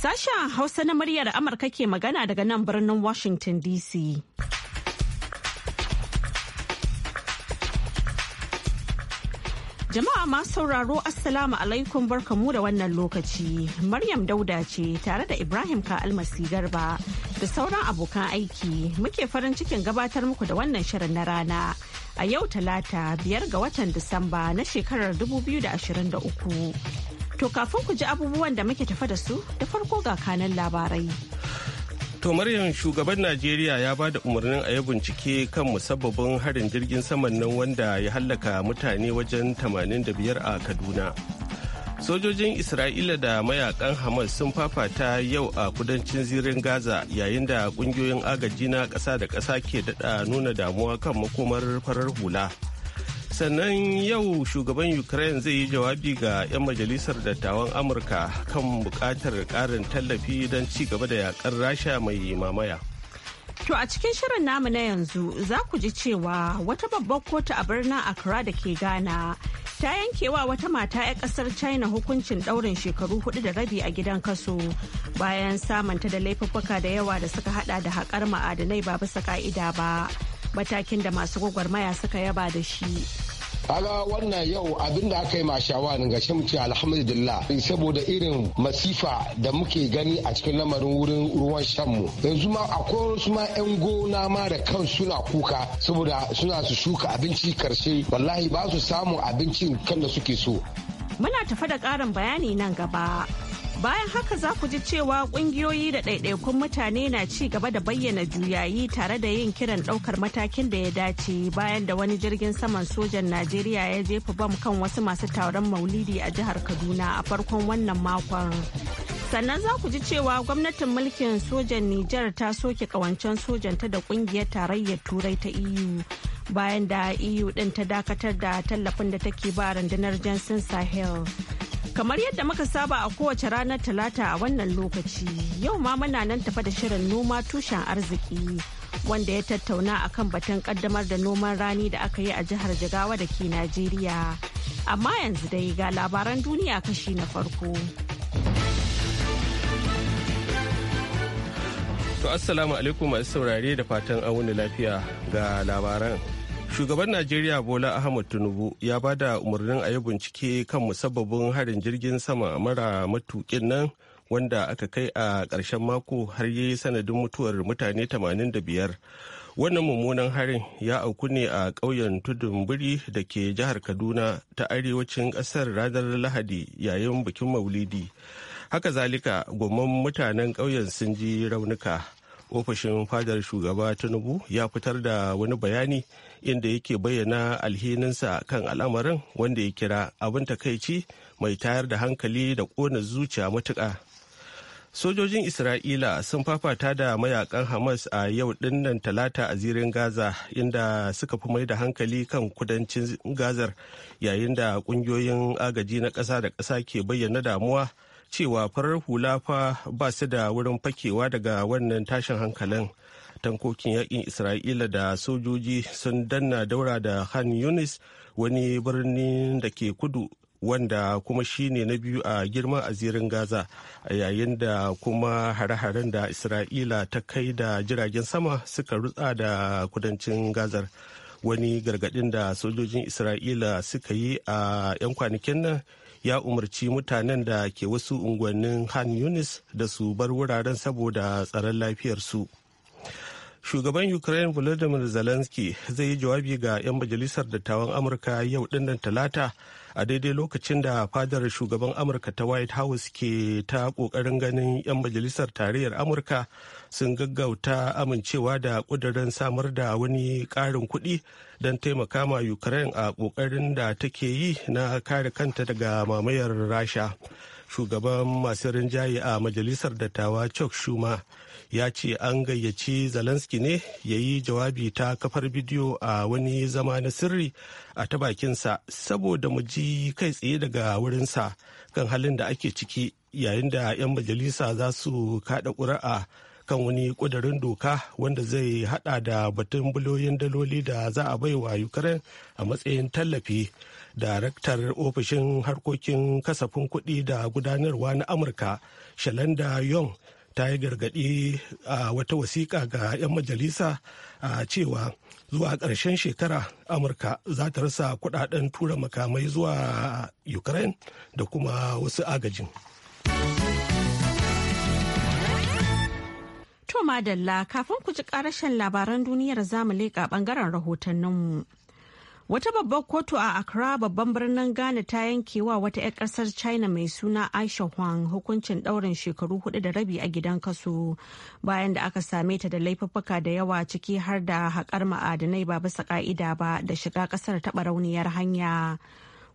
Sashen Hausa na muryar Amurka ke magana daga nan birnin Washington DC. Jama'a ma sauraro Assalamu alaikum barkamu da wannan lokaci. Maryam Dauda ce tare da Ibrahim Ka'almasi Garba da sauran abokan aiki muke farin cikin gabatar muku da wannan shirin na rana. A yau talata biyar ga watan Disamba na shekarar 2023. To kafin ku ji abubuwan da muke tafa da su da farko ga kanan labarai. To Maryam shugaban Najeriya ya ba da umarnin a yi bincike kan musabbabin harin jirgin saman nan wanda ya hallaka mutane wajen 85 a Kaduna. Sojojin Isra'ila da mayakan Hamas sun fafata yau a kudancin zirin Gaza yayin da kungiyoyin agaji na ƙasa da ƙasa ke daɗa nuna damuwa kan makomar farar hula. sannan yau shugaban ukraine zai yi jawabi ga 'yan majalisar dattawan amurka kan bukatar karin tallafi don ci gaba da yakar rasha mai mamaya To a cikin shirin namu na yanzu za ku ji cewa wata babbar kotu a birnin Accra da ke Ghana ta yankewa wata mata 'ya kasar China hukuncin daurin shekaru hudu da rabi a gidan kaso bayan samanta da laifuffuka da yawa da suka hada da haƙar ma'adanai ba bisa ka'ida ba matakin da masu gwagwarmaya suka yaba da shi. kaga wannan yau abin da aka yi ma ga gashe mu ce alhamdulillah saboda irin masifa da muke gani a cikin lamarin wurin ruwan shanmu yanzu ma akwai wasu ma yan gona ma da kan suna kuka saboda suna su shuka abinci karshe wallahi ba su samun abincin kan da suke so muna tafa da ƙarin bayani nan gaba Bayan haka za ku ji cewa kungiyoyi da ɗaiɗaikun mutane na ci gaba da bayyana juyayi tare da yin kiran ɗaukar matakin da ya dace bayan da wani jirgin saman sojan Najeriya ya jefa bam kan wasu masu taron maulidi a jihar Kaduna a farkon wannan makon. Sannan za ku ji cewa gwamnatin mulkin sojan Nijar ta soke kawancen ta da kungiyar tarayyar Turai ta EU bayan da EU ɗin ta dakatar da tallafin da take ba rundunar jansin Sahel. Kamar yadda muka saba a kowace ranar talata a wannan lokaci, yau ma muna nan tafa da shirin noma tushen arziki wanda ya tattauna a kan batun kaddamar da noman rani da aka yi a jihar Jigawa da ke Najeriya. Amma yanzu dai ga labaran duniya kashi na farko. To Assalamu alaikum masu saurare da fatan an wuni lafiya ga labaran. shugaban najeriya bola ahmad tinubu ya ba da umarnin a yi bincike kan musabbabin harin jirgin sama mara matukin nan wanda aka kai a ƙarshen mako har ya yi sanadin mutuwar mutane 85 wannan mummunan harin ya auku ne a ƙauyen tudun biri da ke jihar kaduna ta arewacin ƙasar ranar lahadi yayin bikin maulidi haka zalika gwamman mutanen ƙauyen sun ji raunuka ofishin fadar shugaba tinubu ya fitar da wani bayani inda yake bayyana alhininsa kan al'amarin wanda ya kira abin takaici mai tayar da hankali da kona zuciya matuƙa sojojin isra'ila sun fafata da mayakan hamas a yau dinnan talata a zirin gaza inda suka fi mai da hankali kan kudancin gazar yayin da kungiyoyin agaji na ƙasa da ƙasa ke bayyana damuwa cewa farar hula fa ba su da wurin fakewa daga wannan tashin hankalin tankokin yakin isra'ila da sojoji sun danna daura da han yunis wani birnin da ke kudu wanda kuma shine na biyu a girma a zirin gaza a yayin da kuma hare-haren da isra'ila ta kai da jiragen sama suka rutsa da kudancin gazar wani gargadin da sojojin isra'ila suka yi a 'yan kwanakin nan ya umarci mutanen da ke wasu unguwannin han yunis da su bar wuraren saboda tsaron lafiyarsu. shugaban ukraine volodymyr zelensky zai yi jawabi ga 'yan majalisar dattawan amurka yau dinnan talata a daidai lokacin da fadar shugaban amurka ta white house ke ta kokarin ganin 'yan majalisar tarayyar amurka sun gaggauta amincewa da kudirin samar da wani karin kuɗi don taimaka ma ukraine a kokarin da take yi na kare kanta daga mamayar rasha shugaban masu rinjaye a majalisar dattawa chuck schumer ya ce an gayyaci zelensky ne ya yi jawabi ta kafar bidiyo a wani zama na sirri a ta bakinsa saboda mu ji kai tsaye daga wurinsa kan halin da ake ciki yayin da 'yan majalisa za su kada ƙuri'a kan wani ƙudurin doka wanda zai hada da batun buloyin daloli da za a bai wa ukraine a matsayin tallafi daraktar ofishin harkokin kasafin kuɗi da gudanarwa na amurka shalanda yong ta yi gargaɗi a wata wasiƙa ga 'yan majalisa a cewa zuwa ƙarshen shekara amurka za ta rasa kudaden tura makamai zuwa ukraine da kuma wasu agajin to madalla kafin ku ji ƙarashen labaran duniyar zamu leƙa ɓangaren rahotanninmu. namu Wata babbar kotu a Accra babban birnin Ghana ta yanke wa wata 'yar kasar China mai suna Aisha Huang hukuncin ɗaurin shekaru hudu da rabi a gidan kaso bayan da aka same ta da laifuffuka da yawa ciki har da haƙar ma'adinai ba bisa ka'ida ba da shiga ƙasar taɓa rauniyar hanya.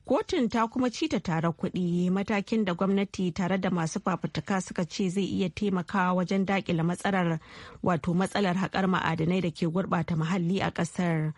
kotun ta kuma ci ta tare kuɗi matakin da gwamnati tare da masu fafutuka suka ce zai iya taimakawa wajen dakile matsalar wato matsalar haƙar ma'adanai da ke gurɓata muhalli a ƙasar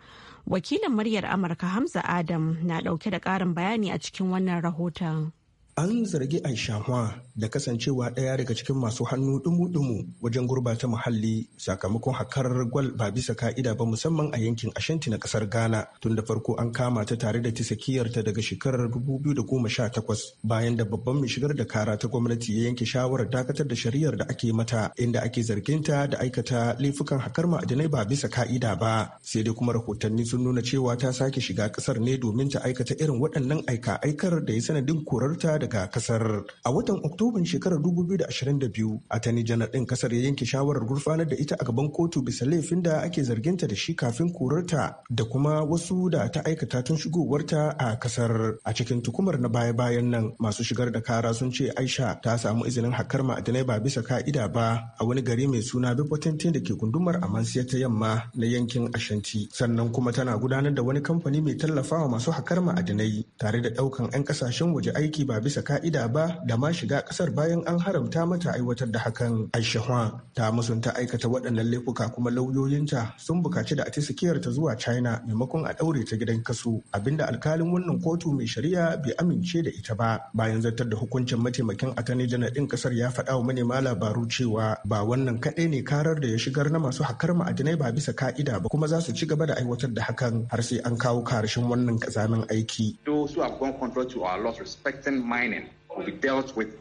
wakilin muryar amurka hamza adam na ɗauke da ƙarin bayani a cikin wannan rahoton an zargi aisha da kasancewa ɗaya daga cikin masu hannu dumu-dumu wajen gurbata muhalli sakamakon hakar gwal ba bisa ka'ida ba musamman a yankin ashanti na kasar ghana tun da farko an kama ta tare da tisakiyarta daga shekarar 2018 bayan da babban mai shigar da kara ta gwamnati ya yanke shawarar dakatar da shari'ar da ake mata inda ake zargin ta da aikata laifukan hakar ma'adinai ba bisa ka'ida ba sai dai kuma rahotanni sun nuna cewa ta sake shiga ƙasar ne domin ta aikata irin waɗannan aika-aikar da ya sanadin korarta da daga kasar a watan oktoban shekarar 2022 ta janar din kasar ya yanke shawarar gurfanar da ita a gaban kotu bisa laifin da ake zarginta da shi kafin korarta da kuma wasu da ta aikata tun shigowarta a kasar a cikin tukumar na baya-bayan nan masu shigar da kara sun ce aisha ta samu izinin hakar ma'adinai ba bisa ka'ida ba a wani gari mai suna bipotentin da ke gundumar a amansiya ta yamma na yankin ashanti sannan kuma tana gudanar da wani kamfani mai tallafawa masu hakar ma'adinai. tare da daukan 'yan kasashen waje aiki ba bisa bisa ka'ida ba da ma shiga kasar bayan an haramta mata aiwatar da hakan aishahwa ta musunta aikata waɗannan laifuka kuma lauyoyinta sun bukaci da a ta zuwa china maimakon a ɗaure ta gidan kasu abinda alkalin wannan kotu mai shari'a bai amince da ita ba bayan zartar da hukuncin mataimakin atani janar ɗin kasar ya faɗa wa manema labaru cewa ba wannan kaɗai ne karar da ya shigar na masu hakar ma'adinai ba bisa ka'ida ba kuma za su ci gaba da aiwatar da hakan har sai an kawo karshen wannan kazamin aiki. Those who have gone contrary to our laws respecting my mining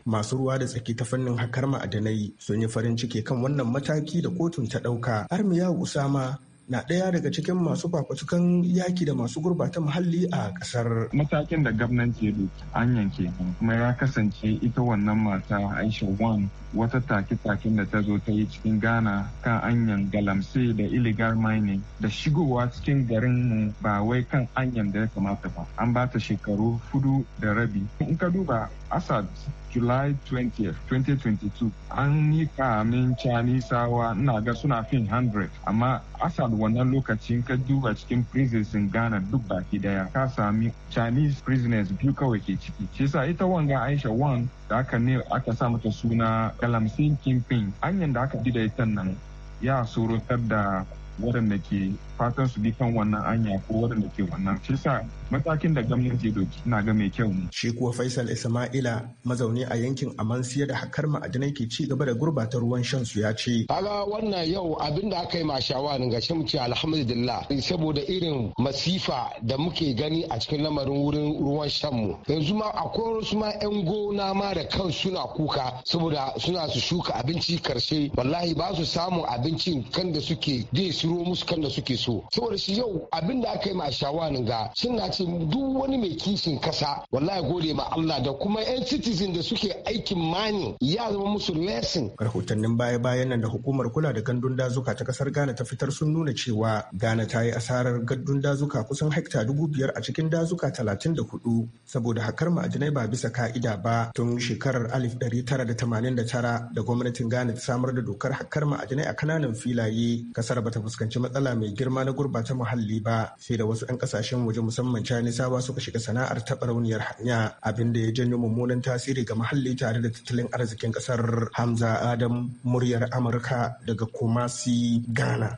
Masu ruwa da tsaki ta fannin hakar ma'adanai sun yi farin ciki kan wannan mataki da kotun ta ɗauka. Armiya Usama na ɗaya daga cikin masu fafutukan yaki da masu gurbata muhalli a ƙasar. Matakin da gwamnati ya an yanke kuma ya kasance ita wannan mata Aisha Wan wata take takin da ta zo ta yi cikin Ghana kan anyan galamse da illegal mining da shigowa cikin garin mu ba wai kan anyan da ya kamata ba. An ba ta shekaru hudu da rabi. In ka duba Assad July 20, 2022 an yi kamin Canisawa ina ga suna fin 100 amma Assad wannan lokacin ka duba cikin prisons in Ghana duk baki daya ka sami Chinese prisoners biyu kawai ke ciki. Shi sa ita wanga Aisha Wan da aka ne aka sa mata suna Galamsin kinfin hanyar da aka ji da ita nan ya surutar da waɗanda ke fatan su bi kan wannan anya ko waɗanda ke wannan shi sa matakin da gwamnati doki na ga mai kyau shi kuwa faisal isma'ila mazaune a yankin amansiya da hakar ma'adinai ke ci gaba da gurbata ruwan shan su ya ce kaga wannan yau abin da aka yi mashawa ne ga ce alhamdulillah saboda irin masifa da muke gani a cikin lamarin wurin ruwan shan mu yanzu ma akwai wasu ma yan gona ma da kan suna kuka saboda suna su shuka abinci karshe wallahi ba su samun abincin kan da suke je su ciro musu kan da suke so saboda shi yau abin da aka yi ma shawanin ga suna ce duk wani mai kishin kasa wallahi gode ma Allah da kuma yan citizen da suke aikin mani ya zama musu lesson rahotannin baya bayan nan da hukumar kula da gandun dazuka ta kasar Ghana ta fitar sun nuna cewa Ghana ta yi asarar gandun dazuka kusan hekta dubu biyar a cikin dazuka talatin da hudu saboda hakar ma'adinai ba bisa ka'ida ba tun shekarar alif dari tara da tamanin da tara da gwamnatin Ghana ta samar da dokar hakar ma'adinai a kananan filaye kasar bata ta fuskanci matsala mai girma na gurbata muhalli ba sai da wasu 'yan kasashen waje musamman ba suka shiga sana'ar taɓa rauniyar hanya abin da ya janyo mummunan tasiri ga muhalli tare da tattalin arzikin ƙasar hamza adam muryar amurka daga kumasi ghana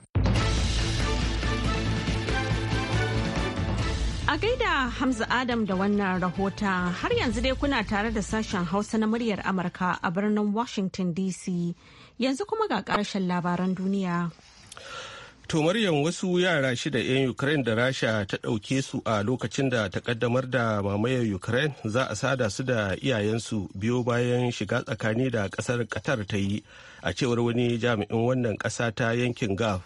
A gaida Hamza Adam da wannan rahota har yanzu dai kuna tare da sashen Hausa na muryar Amurka a birnin Washington DC. Yanzu kuma ga ƙarshen labaran duniya. To Maryam wasu yara shida 'yan Ukraine da Rasha ta ɗauke su a lokacin da ta kaddamar da mamayar Ukraine za a sada su da iyayensu biyo bayan shiga tsakani da ƙasar Qatar ta yi a cewar wani jami'in wannan ƙasa ta yankin Gulf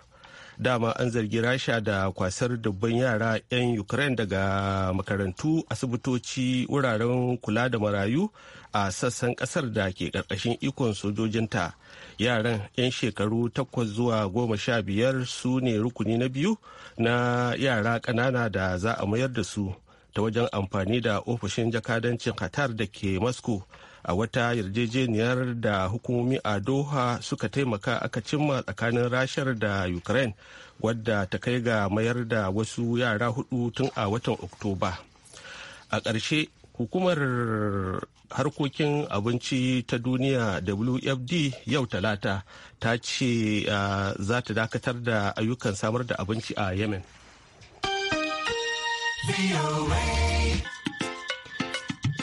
dama an zargi rasha da kwasar dubban yara 'yan ukraine daga makarantu asibitoci wuraren kula da marayu a sassan kasar da ke karkashin ikon sojojinta yaran 'yan shekaru 8 zuwa 15 su ne rukuni na biyu na yara kanana da za a mayar da su ta wajen amfani da ofishin jakadancin qatar da ke moscow a wata yarjejeniyar da hukumomi a doha suka taimaka aka cimma tsakanin rashar da ukraine wadda ta kai ga mayar da wasu yara hudu tun a watan oktoba a ƙarshe hukumar harkokin abinci ta duniya wfd yau talata ta ce za ta dakatar da ayyukan samar da abinci a yemen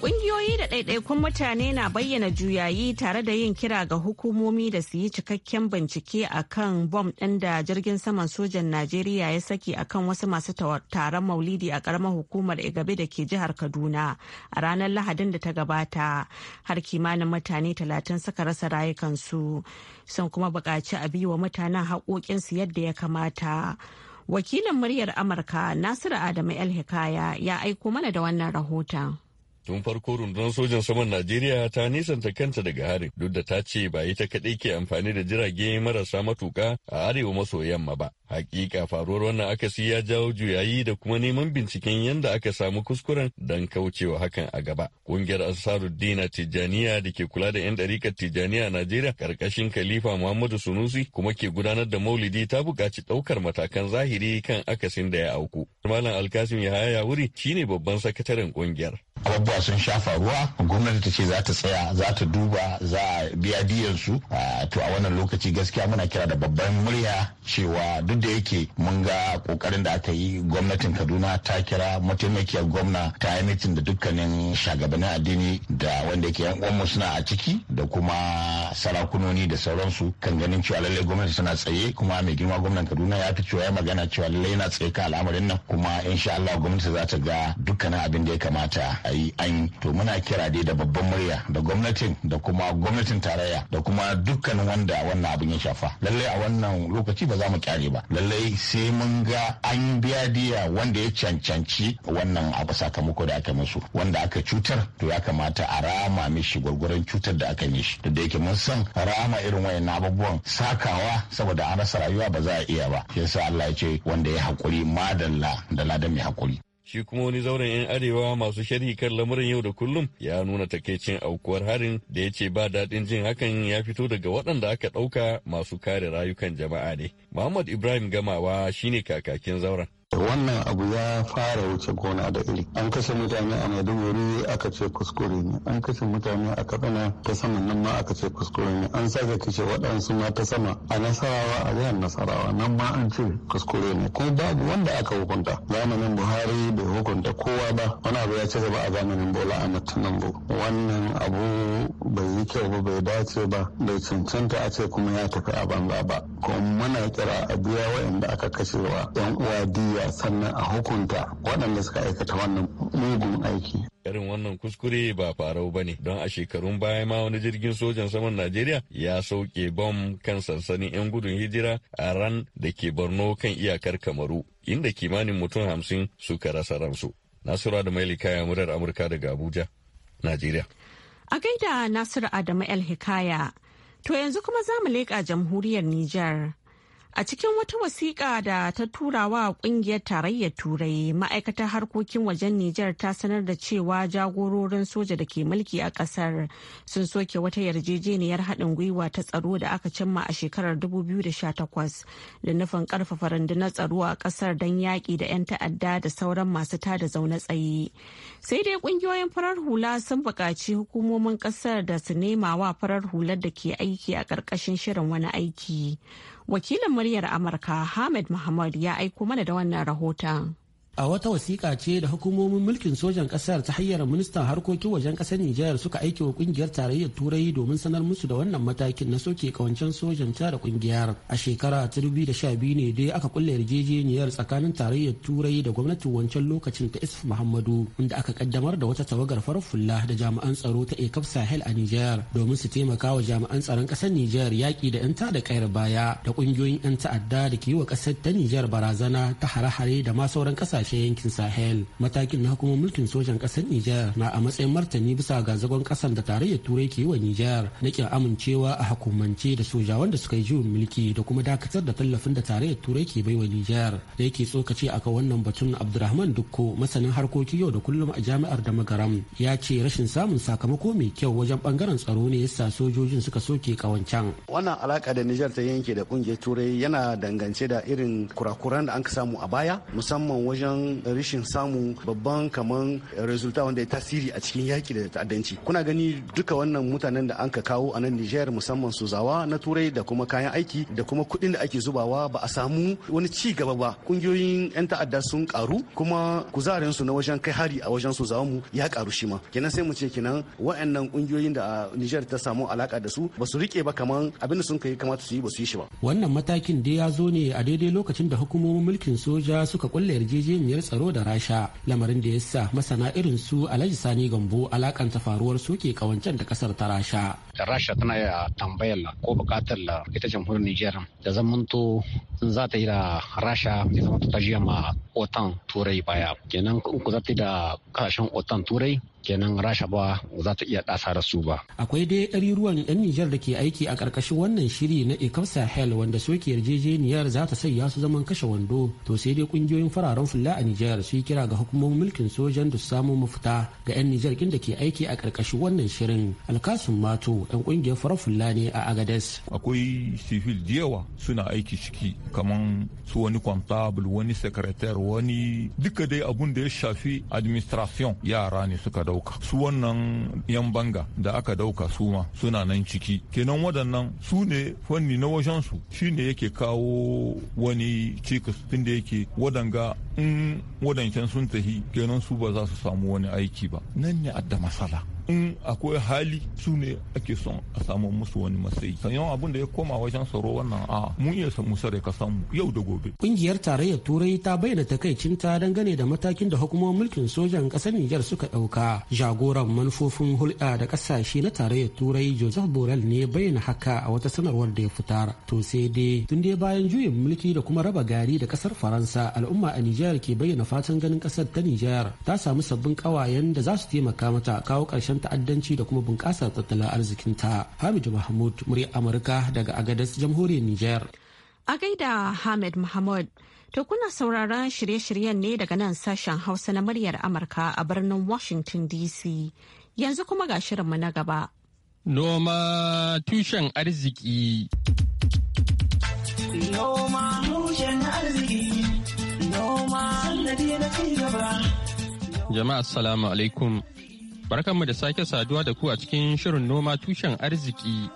Ƙungiyoyi da ɗaiɗaikun mutane na bayyana juyayi tare da yin kira ga hukumomi da su yi cikakken bincike a kan bom ɗin da jirgin saman sojan Najeriya ya saki a kan wasu masu taron maulidi a ƙaramar hukumar Igabe da ke jihar Kaduna a ranar Lahadin da ta gabata. Har kimanin mutane talatin suka rasa rayukansu sun kuma buƙaci a wa mutanen haƙoƙinsu yadda ya kamata. Wakilin muryar Amurka Nasiru Adamu El Hikaya ya aiko mana da wannan rahoton. Tun farko rundunar sojan saman Najeriya ta nisanta kanta daga harin duk da ta ce ba ita kaɗai ke amfani da jirage marasa matuƙa a arewa maso yamma ba. Hakika faruwar wannan akasi ya jawo juyayi da kuma neman binciken yadda aka samu kuskuren don kaucewa hakan a gaba. Kungiyar Ansaruddina Tijjaniya da ke kula da 'yan ɗarikar Tijjaniya a Najeriya ƙarƙashin Khalifa Muhammadu Sunusi kuma ke gudanar da maulidi ta buƙaci ɗaukar matakan zahiri kan akasin da ya auku. Malam Alkasim Yahaya Wuri shine babban sakataren ƙungiyar abubuwa sun sha faruwa gwamnati ta ce za ta tsaya za ta duba za a biya diyansu to a wannan lokaci gaskiya muna kira da babban murya cewa duk da yake mun ga kokarin da aka yi gwamnatin kaduna ta kira mataimakiyar gwamna ta yi mitin da dukkanin shagabannin addini da wanda yake yan uwanmu suna a ciki da kuma sarakunoni da sauransu kan ganin cewa lallai gwamnati tana tsaye kuma mai girma gwamnan kaduna ya fi cewa ya magana cewa lallai yana tsaye ka al'amarin nan kuma insha Allah gwamnati za ta ga dukkanin abin da ya kamata a yi an to muna kira dai da babban murya da gwamnatin da kuma gwamnatin tarayya da kuma dukkan wanda wannan abin ya shafa lallai a wannan lokaci ba za mu kyale ba lallai sai mun ga an biya diya wanda ya cancanci wannan abu sakamako da aka musu wanda aka cutar to ya kamata a rama mishi gwargwaron cutar da aka mishi da yake mun san rama irin wayan abubuwan sakawa saboda an rasa rayuwa ba za a iya ba yasa Allah ya ce wanda ya hakuri madalla da ladan mai hakuri shi kuma wani zauren 'yan arewa masu sharhi kan lamarin yau da kullum ya nuna takaicin aukuwar harin da ya ce ba daɗin jin hakan ya fito daga waɗanda aka ɗauka masu kare rayukan jama'a ne. Muhammad Ibrahim Gamawa shine kakakin zauren. da wannan abu ya fara wuce gona da iri an kashe mutane a maiduguri aka ce kuskure ne an kashe mutane a katsina ta sama nan ma aka ce kuskure ne an sake kashe waɗansu ma ta sama a nasarawa a jihar nasarawa nan ma an ce kuskure ne Ko babu wanda aka hukunta zamanin buhari bai hukunta kowa ba wani abu ya ci gaba a zamanin bola ahmad tinubu wannan abu bai yi kyau ba bai dace ba bai cancanta a ce kuma ya tafi a banza ba kuma muna kira a biya waɗanda aka kashewa yan uwa diya sannan a hukunta waɗanda suka aikata wannan mugun aiki. irin wannan kuskure ba farau ba ne don a shekarun baya ma wani jirgin sojan saman najeriya ya sauke bom kan sansanin 'yan gudun hijira a ran da ke borno kan iyakar kamaru inda kimanin mutum hamsin suka rasa ransu nasura da maili kaya murar amurka daga abuja najeriya a gaida nasiru adamu el hikaya to yanzu kuma za mu leƙa jamhuriyar nijar A cikin wata wasiƙa da ta tura wa ƙungiyar tarayyar Turai, ma'aikatar harkokin wajen Nijar ta sanar da cewa jagororin soja da ke mulki a ƙasar sun soke wata yarjejeniyar haɗin gwiwa ta tsaro da aka cimma a shekarar 2018 da nufin ƙarfafa rundunar tsaro a ƙasar don yaƙi da 'yan ta'adda da sauran masu tada zaune tsaye. Sai dai ƙungiyoyin farar hula sun buƙaci hukumomin ƙasar da su nema wa farar hular da ke aiki a ƙarƙashin shirin wani aiki. Wakilin muryar Amurka Hamid Muhammad ya aiko mana da wannan rahoton. a wata wasiƙa ce da hukumomin mulkin sojan ƙasar ta hanyar ministan harkokin wajen ƙasar Nijar suka aiki wa ƙungiyar tarayyar turai domin sanar musu da wannan matakin na soke kawancen sojan ta da ƙungiyar a shekara ta 2012 ne dai aka kulle yarjejeniyar tsakanin tarayyar turai da gwamnatin wancan lokacin ta Isuf Muhammadu inda aka kaddamar da wata tawagar farar fulla da jami'an tsaro ta Ekaf Sahel a Nijar domin su taimaka wa jami'an tsaron ƙasar Nijar yaƙi da 'yan da kayar baya da ƙungiyoyin 'yan ta'adda da ke yi wa ƙasar ta Nijar barazana ta hare-hare da ma sauran ƙasashe kasashen yankin Sahel. Matakin na hukumar mulkin sojan kasar Nijar na a matsayin martani bisa ga zagon kasar da tarayyar Turai ke yi wa Nijar na kin amincewa a hukumance da sojawan da suka yi juyin mulki da kuma dakatar da tallafin da tarayyar Turai ke bai wa Nijar. Da yake tsokace akan wannan batun Abdulrahman Dukko masanin harkoki yau da kullum a jami'ar da ya ce rashin samun sakamako mai kyau wajen bangaren tsaro ne yasa sojojin suka soke kawancan. Wannan alaka da Nijar ta yanke da kungiyar Turai yana dangance da irin kurakuran da an samu a baya musamman wajen wannan rashin samu babban kaman resulta wanda ya tasiri a cikin yaki da ta'addanci kuna gani duka wannan mutanen da an ka kawo a nan Nijar musamman su zawa na turai da kuma kayan aiki da kuma kuɗin da ake zubawa ba a samu wani ci gaba ba kungiyoyin 'yan ta'adda sun karu kuma kuzarin su na wajen kai hari a wajen su mu ya karu shi ma kenan sai mu ce kenan wa'annan kungiyoyin da Nijar ta samu alaka da su ba su rike ba kaman abinda da sun kai kamata su yi ba su yi shi ba wannan matakin dai ya zo ne a daidai lokacin da hukumomin mulkin soja suka kulle yarjejeniya hanyar tsaro da rasha lamarin da ya sa masana irin su alhaji sani gambo alakanta faruwar suke kawancen da kasar ta rasha rasha tana ya tambayar ko bukatar ita jamhuriyar niger da zamanto za ta yi da rasha ya zama ta jiya ma otan turai baya kenan ku za ta yi da kasashen otan turai kenan rasha ba za ta iya ɗasa rasu ba. akwai dai ɗariruwan 'yan nijar da ke aiki a ƙarƙashin wannan shiri na ecaf sahel wanda soke yarjejeniyar za ta sanya su zaman kashe wando to sai dai ƙungiyoyin fararen fulla a nijar su yi kira ga hukumomin mulkin sojan da su samu mafita ga 'yan nijar kin da ke aiki a ƙarƙashin wannan shirin alkasun mato 'yan ƙungiyar farar fulla ne a agades. akwai sifil yawa suna aiki ciki kamar su wani kwantabul wani sekretar wani duka dai abun da ya shafi administration yara ne suka dau dauka su wannan yan banga da aka ɗauka su ma suna nan ciki kenan waɗannan su ne fanni na wajen su shine yake kawo wani cikas tunda yake wadanga in wadancan sun tahi kenan su ba za su samu wani aiki ba nan ne adda masala in akwai hali su ne ake son a samu musu wani matsayi sanyan abin da ya koma wajen tsaro wannan a mun iya samu sare ka samu yau da gobe kungiyar tarayyar turai ta bayyana takaicinta dangane da matakin da hukumar mulkin sojan kasar Nijar suka dauka jagoran manufofin hulɗa da kasashe na tarayyar turai Joseph Borrell ne bayyana haka a wata sanarwar da ya fitar to sai dai tun dai bayan juyin mulki da kuma raba gari da kasar Faransa al'umma a Nijar ke bayyana fatan ganin kasar ta Nijar ta samu sabbin kawayen da za su taimaka mata kawo ƙarshen wajen ta'addanci da kuma bunƙasar tattalin arzikinta hamidu mahmud murya amurka daga agadas jamhuriyar niger a gaida hamid mahmud to kuna sauraron shirye-shiryen ne daga nan sashen hausa na muryar amurka a birnin washington dc yanzu kuma ga shirinmu na gaba noma tushen arziki noma tushen arziki noma sannadi na ci gaba jama'a assalamu alaikum Barkanmu da sake saduwa da ku a cikin shirin noma tushen arziki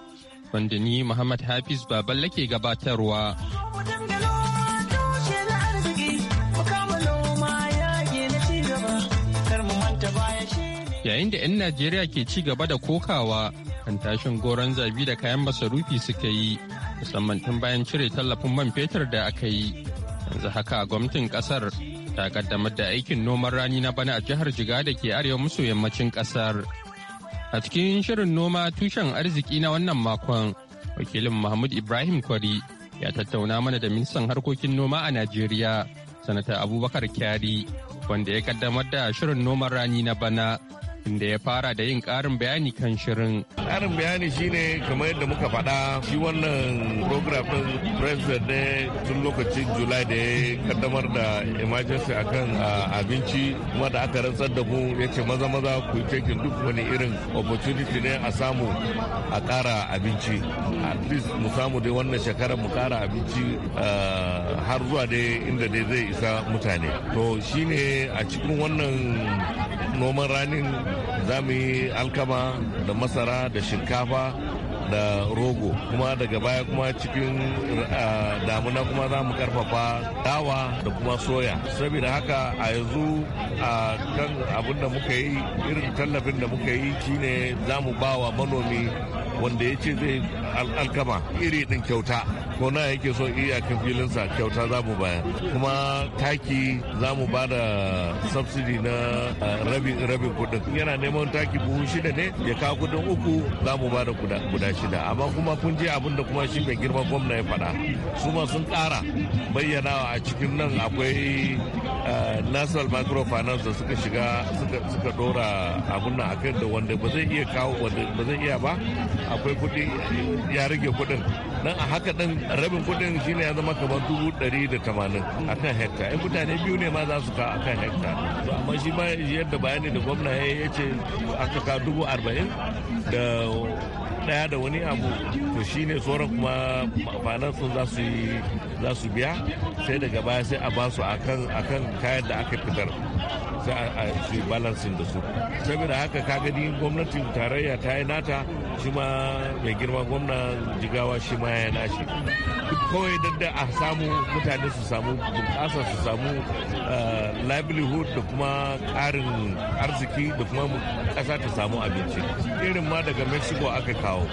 wanda ni Muhammad Hafiz Baballe ke gabatarwa. Yayin da 'yan Najeriya ke ci gaba da kokawa kan tashin goron zabi da kayan masarufi suka yi musamman tun bayan cire tallafin man fetur da aka yi. Yanzu haka gwamnatin kasar ta kaddamar da aikin noman rani na bana a jihar Jiga da ke arewa maso yammacin kasar. A cikin shirin noma tushen arziki na wannan makon, wakilin Mahmud Ibrahim Kwari ya tattauna mana da ministan harkokin noma a Najeriya, sanata Abubakar Kyari, wanda ya kaddamar da shirin noman rani na bana inda ya fara da yin ƙarin bayani kan shirin. Ƙarin bayani shine kamar yadda muka faɗa shi wannan program ɗin president ne tun lokacin July da ya kaddamar da emergency kan abinci kuma da aka rantsar da mu ya ce maza maza ku yi duk wani irin opportunity ne a samu a ƙara abinci. At least mu samu dai wannan shekarar mu ƙara abinci har zuwa dai inda dai zai isa mutane. To shine a cikin wannan noman ranin za mu yi alkama da masara da shinkafa da rogo kuma daga baya kuma cikin damuna kuma za mu karfafa dawa da kuma soya saboda haka a yanzu a kan abin da muka yi irin tallafin da muka yi shine za mu ba wa manomi wanda ya ce zai alkama iri din kyauta ko na yake so filin filinsa kyauta za mu bayar kuma taki za mu ba da subsidy na rabin kudin yana neman taki buhu shida ne ya kawo kudin uku za mu ba da guda shida amma kuma kun je abin da kuma shi mai girma gwamna ya faɗa su ma sun ƙara bayyanawa a cikin nan akwai national microfinance da suka shiga suka dora abin nan akan da wanda ba zai iya kawo wanda ba zai iya ba akwai kudi ya rage kudin nan a haka din rabin kudin shine ya zama kamar dubu ɗari da tamanin akan hekta mutane biyu ne ma za su ka akan hekta to amma shi ma yadda bayani da gwamna ya ce aka ka dubu arba'in da daya da wani abu to shine tsoron kuma finansun sun za su biya sai daga baya sai a basu a kan kayan da aka fitar sai a su balancing da su saboda haka kaga gani gwamnatin tarayya ta yi nata shi ma mai girma gwamna jigawa shi ma ya nashi kawai dadda a samu mutane su samu bunƙasa su samu eh, livelihood da kuma ƙarin arziki da kuma ƙasa ta samu abinci irin ma daga mexico aka kawo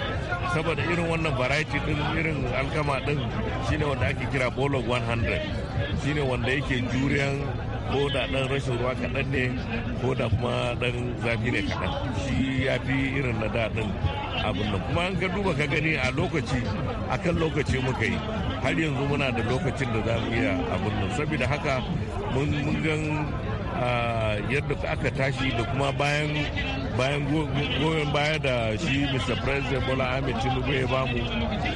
saboda irin wannan variety din irin alkama din shine wanda ake kira bolog 100 shine wanda yake juriyan ko da dan rashin ruwa kaɗan ne ko da kuma dan zafi ne kaɗan shi ya fi irin na da ɗin abin nan kuma an ka duba ka gani a lokaci akan lokaci muka yi har yanzu muna da lokacin da za mu iya abin nan saboda haka mun gan yadda aka tashi da kuma bayan bayan goyon baya da shi mr president bola ahmed tinubu ya bamu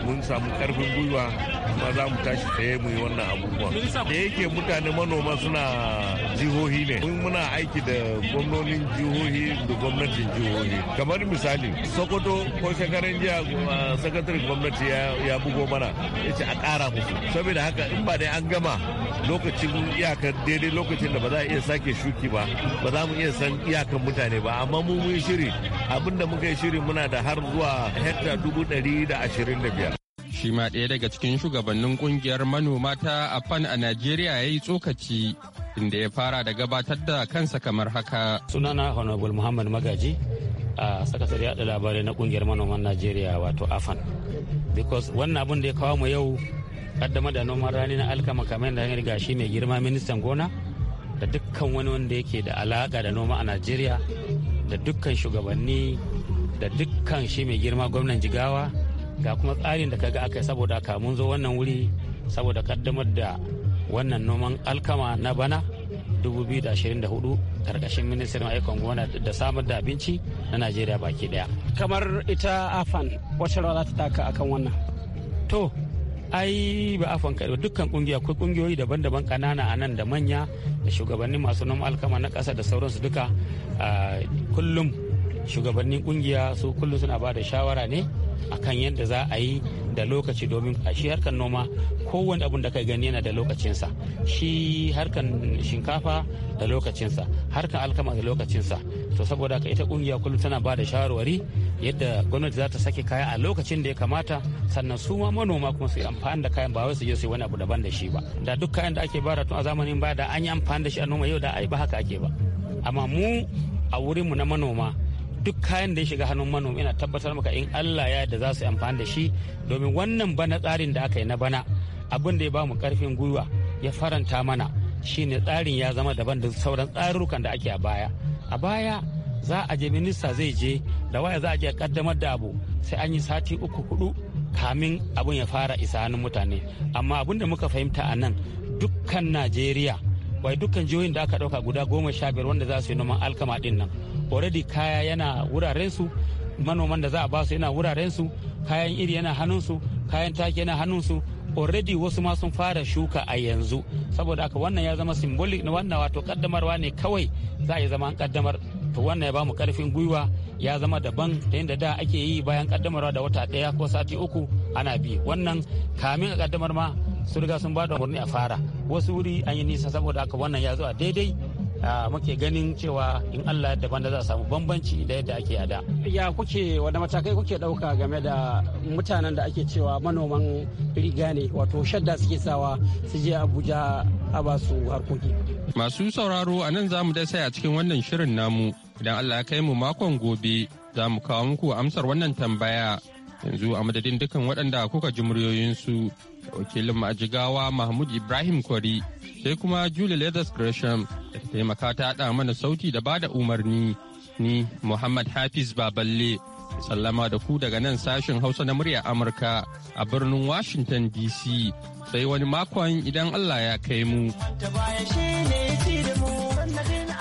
mun samu karfin gwiwa kuma za mu tashi tsaye mu yi wannan abubuwa da yake mutane manoma suna jihohi ne mun muna aiki da gwamnonin jihohi da gwamnatin jihohi kamar misali sokoto ko shekarun jiya sakataren gwamnati ya bugo mana ya ce a kara musu saboda haka in ba dai an gama lokacin iyakar daidai lokacin da ba za a iya sake shuki ba ba za mu iya san iyakar mutane ba amma mu mun shiri abinda muka yi shiri muna da har zuwa hekta dubu ɗari da ashirin da biyar shi ɗaya daga cikin shugabannin kungiyar manoma ta a afan a najeriya ya yi tsokaci inda ya fara da gabatar da kansa kamar haka. Sunana Honorable Muhammad Magaji a sakasar yada labarai na kungiyar manoman Najeriya wato AFAN. Because wannan abin da ya kawo mu yau kaddama da noman rani na alkama kamar yadda hanyar shi mai girma ministan gona da dukkan wani wanda yake da alaka da noma a Najeriya da dukkan shugabanni da dukkan shi mai girma gwamnan jigawa ga kuma tsarin da kaga aka yi saboda kamun zo wannan wuri saboda kaddamar da wannan noman alkama na bana 2024 karkashin ministan ayyukan gona da samar da abinci na najeriya baki daya kamar ita afan wacce rawa za ta taka akan wannan to ai ba afan kai dukkan kungiya akwai kungiyoyi daban-daban kanana a nan da manya da shugabannin masu noman alkama na kasa da sauransu duka ah, kullum shugabannin kungiya su kullum suna ba da shawara ne akan yadda za a yi da lokaci domin a shi harkar noma kowane abun da kai gani yana da lokacinsa shi harkar shinkafa da lokacinsa harkar alkama da lokacinsa to saboda ka ita kungiya kullum tana ba da shawarwari yadda gwamnati za ta sake kaya a lokacin da ya kamata sannan su ma manoma kuma su yi amfani da kayan ba wai su je su yi wani abu daban da shi ba da duk kayan da ake bara tun a zamanin baya da an yi amfani da shi a noma yau da ai ba haka ake ba amma mu a wurin mu na manoma duk kayan da ya shiga hannun manomi ina tabbatar maka in Allah ya da za su amfani da shi domin wannan bana tsarin da aka yi na bana abin da ya ba mu karfin gwiwa ya faranta mana shine tsarin ya zama daban da sauran tsarukan da ake a baya a baya za a je minista zai je da waya za a je kaddamar da abu sai an yi sati uku hudu kamin abin ya fara isa hannun mutane amma abin da muka fahimta a nan dukkan najeriya wai dukkan jihohin da aka dauka guda goma sha biyar wanda za su yi noman alkama din nan already kaya yana wuraren su manoman da za a ba su yana wuraren su kayan iri yana hannun su kayan taki yana hannun su already wasu ma sun fara shuka a yanzu saboda haka wannan ya zama symbolic na wannan wato kaddamarwa ne kawai za a yi zama kaddamar to wannan ya bamu karfin gwiwa ya zama daban da yadda da ake yi bayan kaddamarwa da wata daya ko sati uku ana bi wannan kamin a kaddamar ma sun riga sun bada umarni a fara wasu wuri an yi nisa saboda aka wannan ya zo a daidai muke ganin cewa in Allah ya da za a samu bambanci da yadda ake yada. Ya kuke wanda matakai kuke ɗauka game da mutanen da ake cewa manoman riga ne wato shadda suke sawa su je Abuja a ba su harkoki. Masu sauraro a nan zamu mu dasa a cikin wannan shirin namu idan Allah ya kai mu makon gobe za mu kawo muku amsar wannan tambaya yanzu a madadin dukkan waɗanda kuka ji muryoyinsu wakilin ma'ajigawa mahmud ibrahim kwari sai kuma julie leathers gresham da taimaka ta haɗa mana sauti da bada umarni ni muhammad hafiz baballe sallama da ku daga nan sashen hausa na murya amurka a birnin washington dc sai wani makon idan allah ya kai mu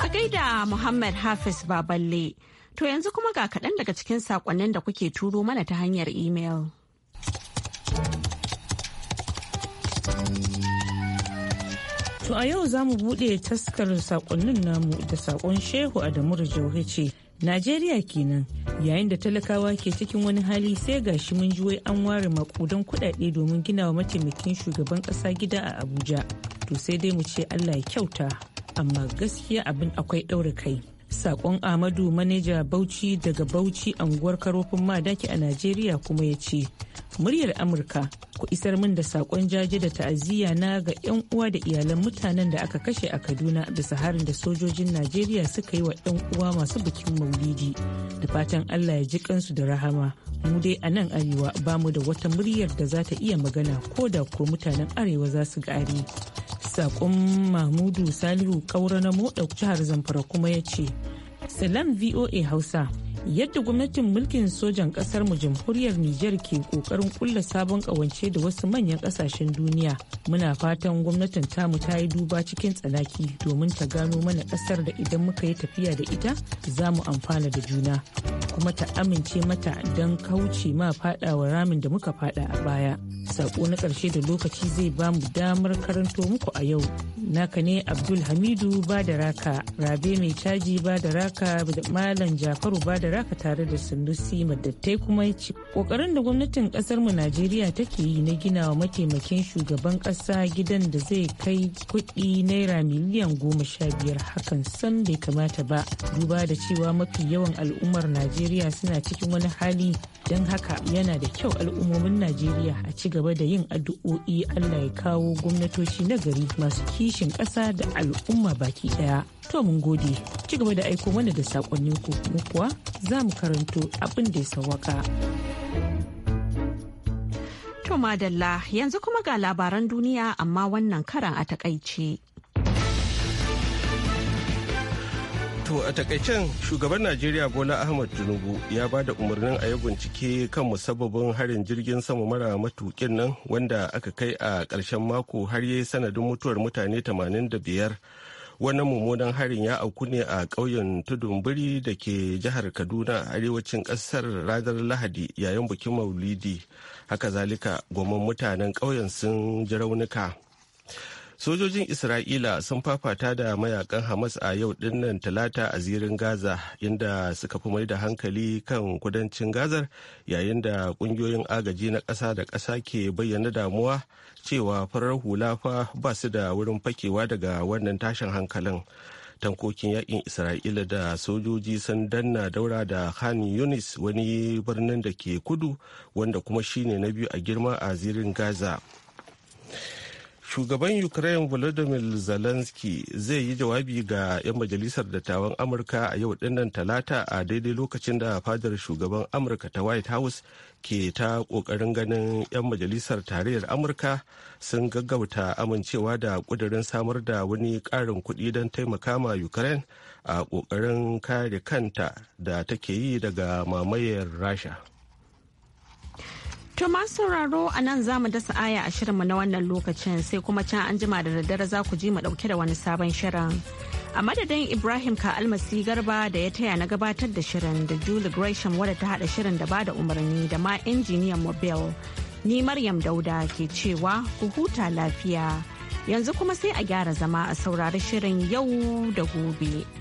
a gaida muhammad hafiz baballe to yanzu kuma ga kaɗan daga cikin saƙonnin da kuke turo mana ta hanyar imel. To a yau za mu buɗe taskar sakonnin namu da sakon Shehu Adamu Rajauhe ce. Najeriya kenan yayin da talakawa ke cikin wani hali sai gashi mun ji wai an ware makudan kudade domin gina wa mataimakin shugaban kasa gida a Abuja. To sai dai mu ce Allah ya kyauta amma gaskiya abin akwai daura kai. sakon amadu manaja bauchi daga bauchi anguwar karofin madaki a najeriya kuma ya ce muryar amurka ku isar min da sakon jaje da ta'aziyya na ga 'yan uwa da iyalan mutanen da aka kashe a kaduna bisa harin da sojojin najeriya suka yi wa 'yan uwa masu bikin maulidi da fatan allah ya ji kansu da rahama mu dai a nan arewa ba mu da wata muryar da za ta iya magana ko da ko mutanen arewa za su gari Sakon Mahmudu Salihu Kaura na moda jihar Zamfara kuma ya ce, Salam VOA Hausa. yadda gwamnatin mulkin sojan kasar mu jamhuriyar Nijar ke kokarin kulla sabon kawance da wasu manyan kasashen duniya muna fatan gwamnatin tamu ta yi duba cikin tsanaki domin ta gano mana kasar da idan muka yi tafiya da ita za mu amfana da juna kuma ta amince mata don kauce ma fadawa ramin da muka fada a baya sako na karshe da lokaci zai ba mu damar karanto muku a yau naka ne abdul hamidu badaraka rabe mai caji badaraka da malam jafaru badaraka raka tare da Sanusi Madattai kuma ya ce kokarin da gwamnatin kasarmu Najeriya take yi na gina wa mataimakin shugaban kasa gidan da zai kai kuɗi naira miliyan goma sha biyar hakan san bai kamata ba duba da cewa mafi yawan al'ummar Najeriya suna cikin wani hali don haka yana da kyau al'ummomin Najeriya a ci gaba da yin addu'o'i Allah ya kawo gwamnatoci na gari masu kishin ƙasa da al'umma baki ɗaya. To mun gode, ci gaba da aiko mana da saƙonninku mu kuwa za mu karanto abin da ya sawaka. To madalla yanzu kuma ga labaran duniya amma wannan karan a takaice. To a takaicen shugaban Najeriya Bola Ahmad Tinubu ya ba da umarnin a yi bincike kan musabbabin harin jirgin sama mara matukin nan wanda aka kai a ƙarshen mako har yi sanadin mutuwar mutane 85 wannan mummunan harin ya auku ne a ƙauyen tudun biri da ke jihar kaduna arewacin ƙasar ranar lahadi yayin bikin maulidi haka zalika goma mutanen ƙauyen sun ji raunuka sojojin isra'ila sun fafata da mayakan hamas a yau dinnan talata a zirin gaza inda suka fi mai da hankali kan kudancin gazar yayin da kungiyoyin agaji na ƙasa da ƙasa ke bayyana damuwa cewa farar hula fa ba su da wurin fakewa daga wannan tashin hankalin tankokin yakin isra'ila da sojoji sun danna daura da khan yunis wani birnin da ke kudu wanda kuma shine na biyu a girma a zirin gaza shugaban ukraine volodymyr zelensky zai yi jawabi ga 'yan majalisar dattawan amurka a yau dinnan talata a daidai lokacin da fadar shugaban amurka ta white house ke ta kokarin ganin 'yan majalisar tarayyar amurka sun gaggauta amincewa da kudirin samar da wani karin kudi don taimaka ma ukraine a kokarin kare kanta da take yi daga mamayar rasha To masu sauraro a nan za mu dasa aya a shirinmu na wannan lokacin sai kuma can an jima da daddare za ku ji mu dauke da wani sabon shirin. A madadin Ibrahim ka almasi garba da ya taya na gabatar da shirin da Julie Gresham wadda ta hada shirin da ba da umarni da ma injiniyan mobile. Ni Maryam Dauda ke cewa ku huta lafiya. Yanzu kuma sai a gyara zama a saurari shirin yau da gobe.